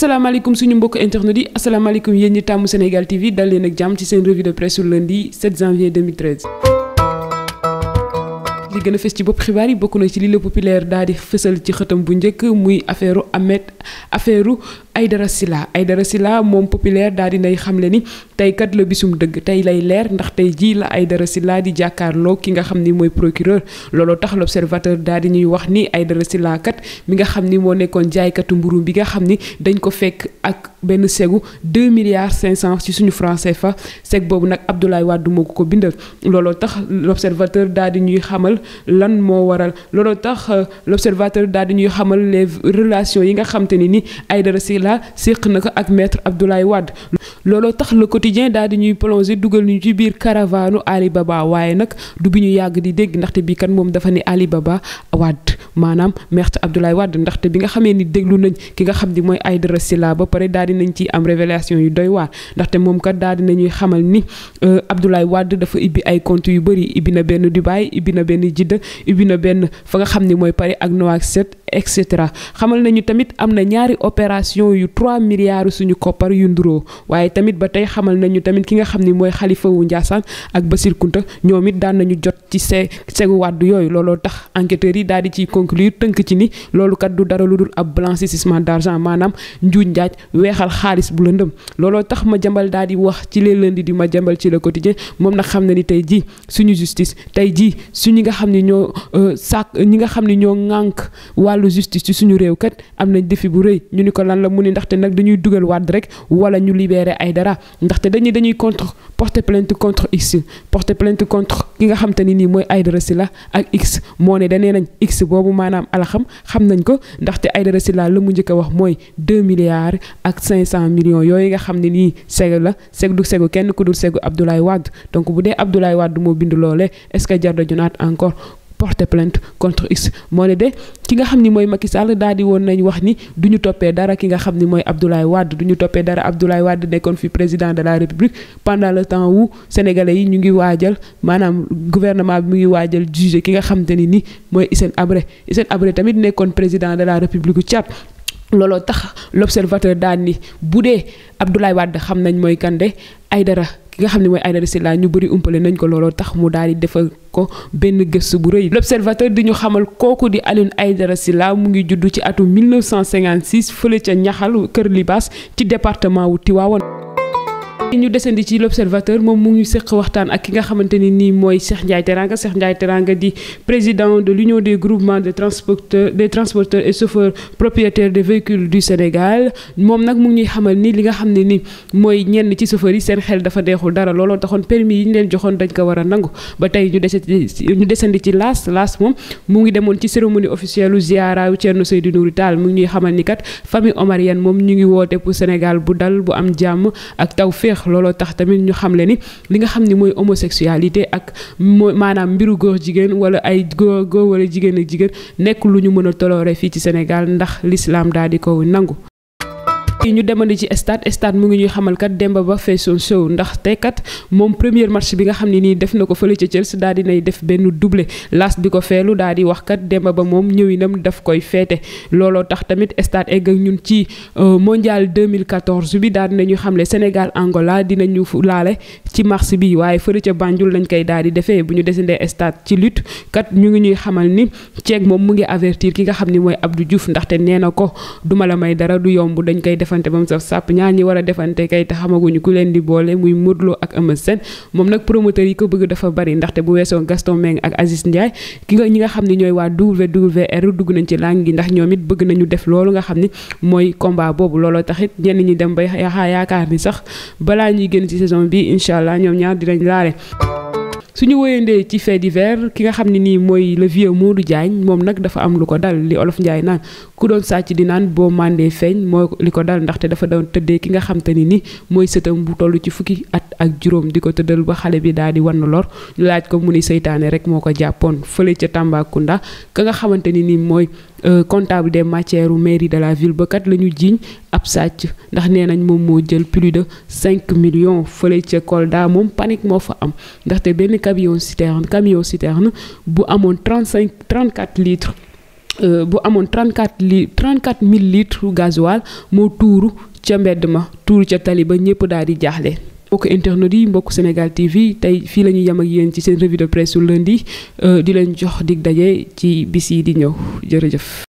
asalaamaaleykum suñu mbokk internet yi asalaamaaleykum yéen ñi tàmm Sénégal TV dal leen ak ci seen revue de presse sur lundi 7 janvier li gën a fës ci bopp xibaar yi bokk na ci li le populaire daal di fësal ci xëtam bu njëkk muy affaire Ahmed affaire Aydara Sila Aydara Sila moom populaire daal di nay xamle ni tey kat la bisum dëgg tey lay leer ndax tey jii la Aydara Sila di jàkkaarloo ki nga xam ni mooy procureur looloo tax l'observateur daal di ñuy wax ni Aydara Sila kat mi nga xam ni moo nekkoon jaaykatu mburu bi nga xam ni dañ ko fekk ak benn segu 2 milliards 500 ci suñu français fa seg boobu nag Abdoulaye Wade moo ko ko bindal looloo tax l'observateur daal di ñuy xamal lan moo waral loolu tax euh, l'observateur daal di ñuy xamal les relations yi nga xam ni ni Aïdara la ak maître Abdoulaye Wade looloo tax le quotidien daal di ñuy plongé dugal ñu ci biir caravane Ali Baba waaye nag du bi ñu yàgg di dégg ndaxte kan dafa Ali Baba Wade maanaam maître Abdoulaye wàdd ndaxte bi nga xamee ni déglu nañ ki nga xam ni mooy ay Aïdara Sylla ba pare daal di nañ ci am révélation yu doy waar ndaxte moom kat daal di nañuy xamal ni euh, Abdoulaye wàdd dafa ibbi ay compte yu bëri ibbi na benn Dubaï ibbi na benn Jidda ibbi na benn fa nga xam ni mooy Paris ak set et cetera xamal nañu tamit am na ñaari opération yu 3 milliards suñu koppar yu nduroo waaye tamit ba tey xamal nañu tamit ki nga xam ni mooy xalifa wu Ndiassane ak Basir Kunta ñoom it daan nañu jot ci see segu wàddu yooyu looloo tax enquêteurs yi daal di ciy conclure tënk ci ni loolu kat du dara lu dul ab blanchissement d'argent maanaam njuuj njaaj weexal xaalis bu lëndëm looloo tax ma jambal daal di wax ci les lundi di ma jambal ci le quotidien moom nag xam na ni tey jii suñu justice tey jii suñu euh, ñi nga xam ni ñoo le justice ci suñu réew kat am nañ défi bu ñu ni ko lan la mu ndaxte nag dañuy dugal nous rek wala ñu libérer ndaxte dañuy contre porter plainte contre X porter plainte contre ki nga xam ni ak X moo ne danee nañ X boobu maanaam alaxam xam nañ ko ndaxte la mu njëkk wax mooy 2 milliards ak 500 millions yooyu nga xam ne nii la seg du kenn ku dul Abdoulaye Wade donc bu dee Abdoulaye Wade moo bind l'olé est-ce que jar avons encore porter plainte contre X moo ne de ki nga xam ni mooy Macky Sall daal di woon nañ wax ni du toppee dara ki nga xam ni mooy Abdoulaye Wade du ñu toppee dara Abdoulaye Wade nekkoon fi président de la République pendant le temps wu sénégalais yi ñu ngi waajal maanaam gouvernement bi mu ngi waajal juger ki nga xamante ni ni mooy Hissène Habré Hissène Habré tamit nekkoon président de la République u Tchad looloo tax l'observateur daan ni bu dee waa Wade xam nañ mooy kande Aydara ki nga xam ne mooy Aydara Sylla ñu bëri umpale nañ ko looloo tax mu daal di defal ko benn gëstu bu rëy l'observateur di ñu xamal kooku di Alioune Aydara Sylla mu ngi juddu ci atum 1956 fële ca ñaxal kër Libaas ci département wu Tivaouane ñu desandi ci l'observateur moom mu ngi seq waxtaan ak nga xamante ni nii mooy Cheikh Ndiaye Teranga Cheikh Ndiaye Teranga di président de l'union des groupements de transporteurs des transporteurs et chauffeurs propriétaires de véhicules du Sénégal moom nag mu ngi xamal ni li nga xam ne ni mooy ñenn ci chauffeurs yi seen xel dafa deexul dara looloo taxoon permis yi ñu leen joxoon dañ ko war a nangu ba tey ñu desandi ñu desandi ci laas laas moom mu ngi demoon ci cérémonie officielle u ziaraayu Thierno Seydou Nourou mu ngi xamal ni kat famille Omariane moom ñu ngi woote pour Sénégal bu dal bu am jàmm ak féex looloo tax tamit ñu xam le ni li nga xam ni mooy homosexualité ak moo maanaam mbiru góor jigéen wala ay góor góor wala jigéen ak jigéen nekk lu ñu mën a toloore fii ci Sénégal ndax l'islam daal di ko nangu ñu demandi ci stade stade mu ngi ñuy xamal kat Demba Ba feesoon show ndax tey kat moom première match bi nga xam ne nii def na ko fële ca Chelsea daal di nay def benn doublé las bi ko feelu daal di wax kat Demba Ba moom ñëwinam daf koy feete looloo tax tamit stade egg ak ñun ci euh, mondial 2014 bi daal dinañu xamle Sénégal Angola dinañu laale ci mars bi waaye fële ca Banjul lañ koy daal di defee bu ñu desendee stade ci lutte kat ñu ngi ñuy xamal ni ceeg moom mu ngi avertir ki nga xam ne mooy Abdou Diouf ndaxte nee na ko duma la may dara du yomb dañ koy def defante ba mu sa sàpp ñaar ñi war a defante kay te xamaguñu ku leen di boole muy Modou Lo ak Eumeu Sène moom nag promoteur yi ko bëgg dafa bari ndaxte bu weesoo Gaston Mbengue ak Aziz Ndiaye ki nga ñi nga xam ni ñooy waa WWR dugg nañ ci làng gi ndax ñoom it bëgg nañu def loolu nga xam ni mooy combat boobu looloo taxit ñenn ñi dem ba yaakaar ni sax balaa ñuy génn ci saison bi incha allah ñoom ñaar dinañ laale su suñu woyandee ci fait divers ki nga xam ne nii mooy le vieux Modou Diagne moom nag dafa am lu ko dal li olof Ndiaye naan ku doon sàcc di naan boo màndee feeñ mooy li ko dal ndaxte dafa doon tëddee ki nga xam te ni nii mooy sëtam bu toll ci fukki at ak juróom di ko tëddal ba xale bi daal di wan lor ñu laaj ko mu ni seytaane rek moo ko jàppoon fële ca Tambacounda ka nga xamante ni nii mooy Euh, comptable des matières au mairie de la ville ba kat la ñu ndax nenañ mom mo moo jël plus de 5 millions fële ca Kolda mom panique mo fa am ndax té ben camion citerne camion citerne bu amone 35 34 litres euh, bu amone 34 quatre li trente quatre litres gasoil mo tuuru ci mbedd ma tuuru ca tali ba ñëpp daal di jaxlé mbokk internet yi mbokk Sénégal TV tey fii la ñuy yem ak yéen ci seen revue de presse su lundi euh, di leen jox dig daje ci bis yi di ñëw jërëjëf.